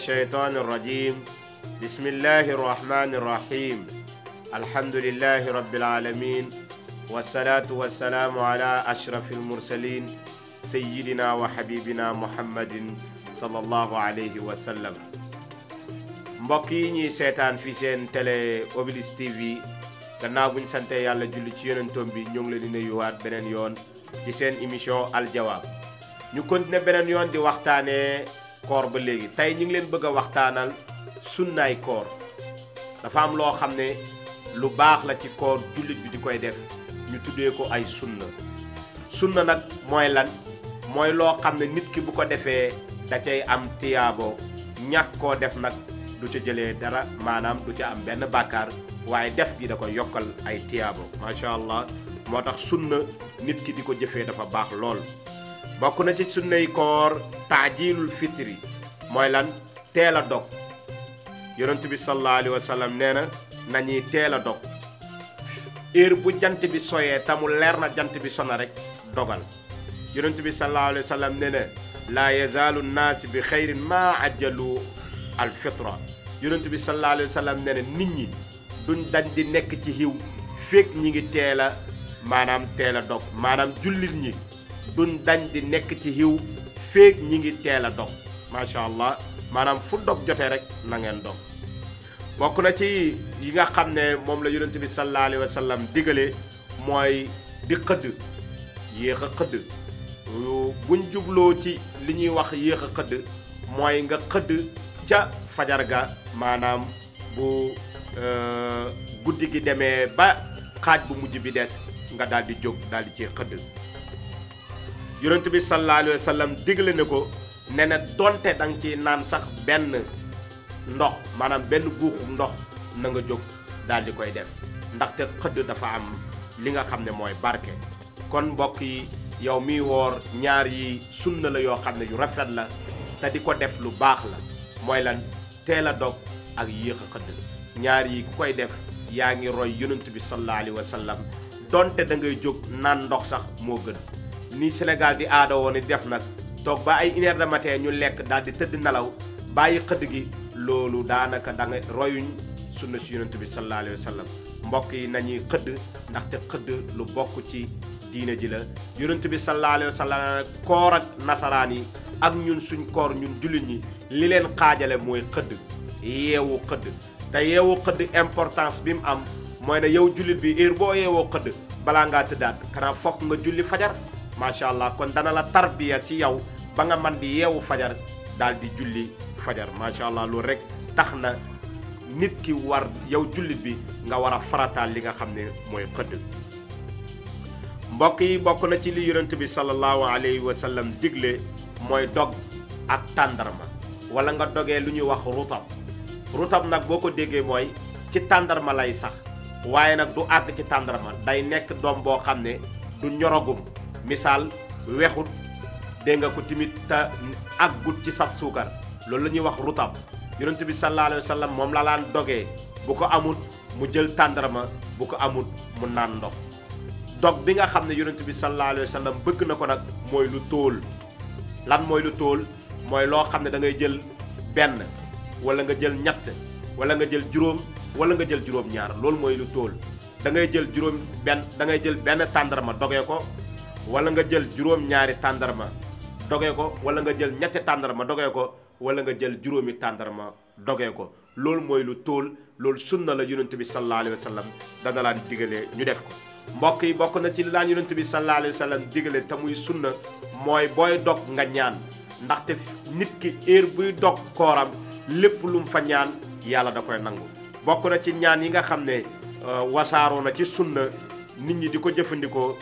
الشيطان الرجيم بسم الله الرحمن الرحيم الحمد لله رب العالمين والصلاة والسلام على أشرف المرسلين سيدنا وحبيبنا محمد صلى الله عليه وسلم مبكيني سيتان في سين تلي أوبليس تي في gannaaw buñ sante yàlla julli ci yonentom bi ñoo ngi leen di nuyuwaat beneen yoon ci seen émission aljawaab ñu continuer beneen yoon di waxtaanee koor ba léegi tey ñu ngi leen bëgg a waxtaanal sunnaay koor dafa am loo xam ne lu baax la ci koor jullit bi di koy def ñu tuddee ko ay sunna sunna nag mooy lan mooy loo xam ne nit ki bu ko defee da cay am tiyaabo ñàkk koo def nag du ca jëlee dara maanaam du ca am benn baakaar waaye def gi da ko yokkal ay tiyaabo macha allah moo tax sunna nit ki di ko jëfee dafa baax lool bokk na ci sunnay koor taajilul fitri mooy lan teel a dog yonent bi sallallahu alayhi wa sallam nee na nañuy teel dog heure bu jant bi soyee tamu leer na jant bi sona rek dogal yonent bi sallallahu alayhi wa sallam nee na laa yazaalu naas bi xayrin maa ajjalu al fitra yonent bi sallallahu alayhi wa sallam nit ñi duñ dañ di nekk ci xiw féeg ñi ngi teel a maanaam dog maanaam jullit ñi duñ dañ di nekk ci xiw féeg ñi ngi teel a dog macha allah maanaam fu dog jotee rek nangeen dog bokk na ci yi nga xam ne moom la yonent bi sallallahu alayhi wa sallam digale mooy di xëdd yéex a xëdd buñ jubloo ci li ñuy wax yéex a xëdd mooy nga xëdd ca fajar ga maanaam bu euh, guddi gi demee ba xaaj bu mujj bi des nga daal di jóg daal di ci xëdd yonent bi sallallahu alayhi sallam digle na ko ne na donte da nga ciy naan sax benn ndox maanaam benn guuxum ndox na nga jóg daal di koy def ndaxte xëdd dafa am li nga xam ne mooy barke. kon mbokk yi yow miy woor ñaar yi sunna la yoo xam ne yu rafet la te di ko def lu baax la mooy lan teel a dog ak yéex a xëdd ñaar yi ku koy def yaa ngi roy yonent bi sallallahu alayhi sallam donte da ngay jóg naan ndox sax moo gën. ni Sénégal di aada woon di def nag toog ba ay une heure ñu lekk daal di tëdd nelaw bàyyi xëdd gi loolu daanaka da nga royuñ sunna si yonent bi sallallahu alayhi mbokk yi nañuy xëdd ndaxte xëdd lu bokk ci diine ji la yonent bi sallallahu alayhi koor ak nasaraan yi ak ñun suñ koor ñun jullit ñi li leen xaajale mooy xëdd yeewu xëdd te yeewu xëdd importance bi mu am mooy na yow jullit bi heure boo yeewoo xëdd balaa ngaa tëddaat kana foog nga julli fajar Allah kon dana la tarbiya ci yow ba nga man di fajar dal di julli fajar Allah lu rek taxna nit ki war yow julli bi nga wara farata li nga xamne moy mooy mbokk yi bokk na ci li yaronte bi sallallahu alayhi wa sallam digle moy dog ak tandarma wala nga dogee lu ñuy wax rutab rutab nak boko ko moy ci tandarma lay sax waye nak du ag ci tandarma day nek dom bo xamne du ñorogum misal, wexut de nga ko timit ta agut ci saf sukar lolou lañuy wax rutab yaronte bi sallallahu alaihi wasallam mom la lan doge bu ko amut mu jël tandarma bu ko amut mu nan ndox dog bi nga xamne yaronte bi sallallahu alaihi wasallam bëgg nako nak moy lu tool lan moy lu tool moy lo xamne da ngay jël ben wala nga jël ñatt wala nga jël juroom wala nga jël juroom ñaar moy lu tool da ngay jël juroom ben da ngay jël ben tandarma doge ko wala nga jël juróom-ñaari tàndarma dogee ko wala nga jël ñetti tàndarma doge ko wala nga jël juróomi tàndarma doge ko loolu mooy lu tóol loolu sunna la yonent bi sallallahu alayhi wa sallam dana laan digale ñu def ko mbokk yi bokk na ci li laan yonent bi sallallahu alayhi wa sallam digale te muy sunna mooy booy dog nga ñaan ndaxte nit ki heure buy dog kooram lépp lu mu fa ñaan yàlla da koy nangu bokk na ci ñaan yi nga xam ne euh, wasaaroo na ci sunna nit ñi di ko jëfandikoo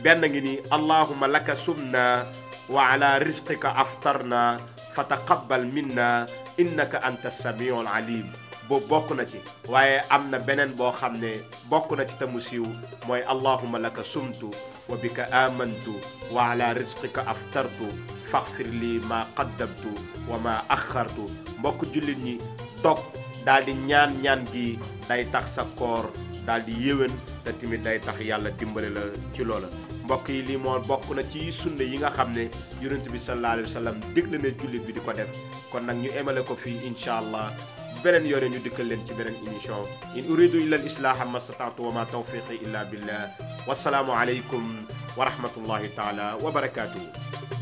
benn ngi ni allahumma laka sumna wa ala risqika aftarna fa taqabbal minna innaka anta samiu alim boobu bokk na ci waaye am na beneen boo xam ne bokk na ci te mu siiw mooy allahumma laka sumtu wa bika amantu wa ala risqika aftartu faghfir li ma qaddamtu wa ma axartu mbokk jullit ñi toog daal di ñaan ñaan gi day tax sa koor daal di yéwén te tamit day tax yàlla dimbale la ci loola mbokk yi lii moo bokk na ci sunna yi nga xam ne yonent bi sallallahu alayhi wa sallam digle ne jullit bi di ko def kon nag ñu emale ko fii incha allah beneen yoone ñu dikkal leen ci beneen émission in uridu illa al islaaha mastataatu wa ma tawfiqi illa billah wasalaamu aleykum wa rahmatullahi taala wa barakaatuhu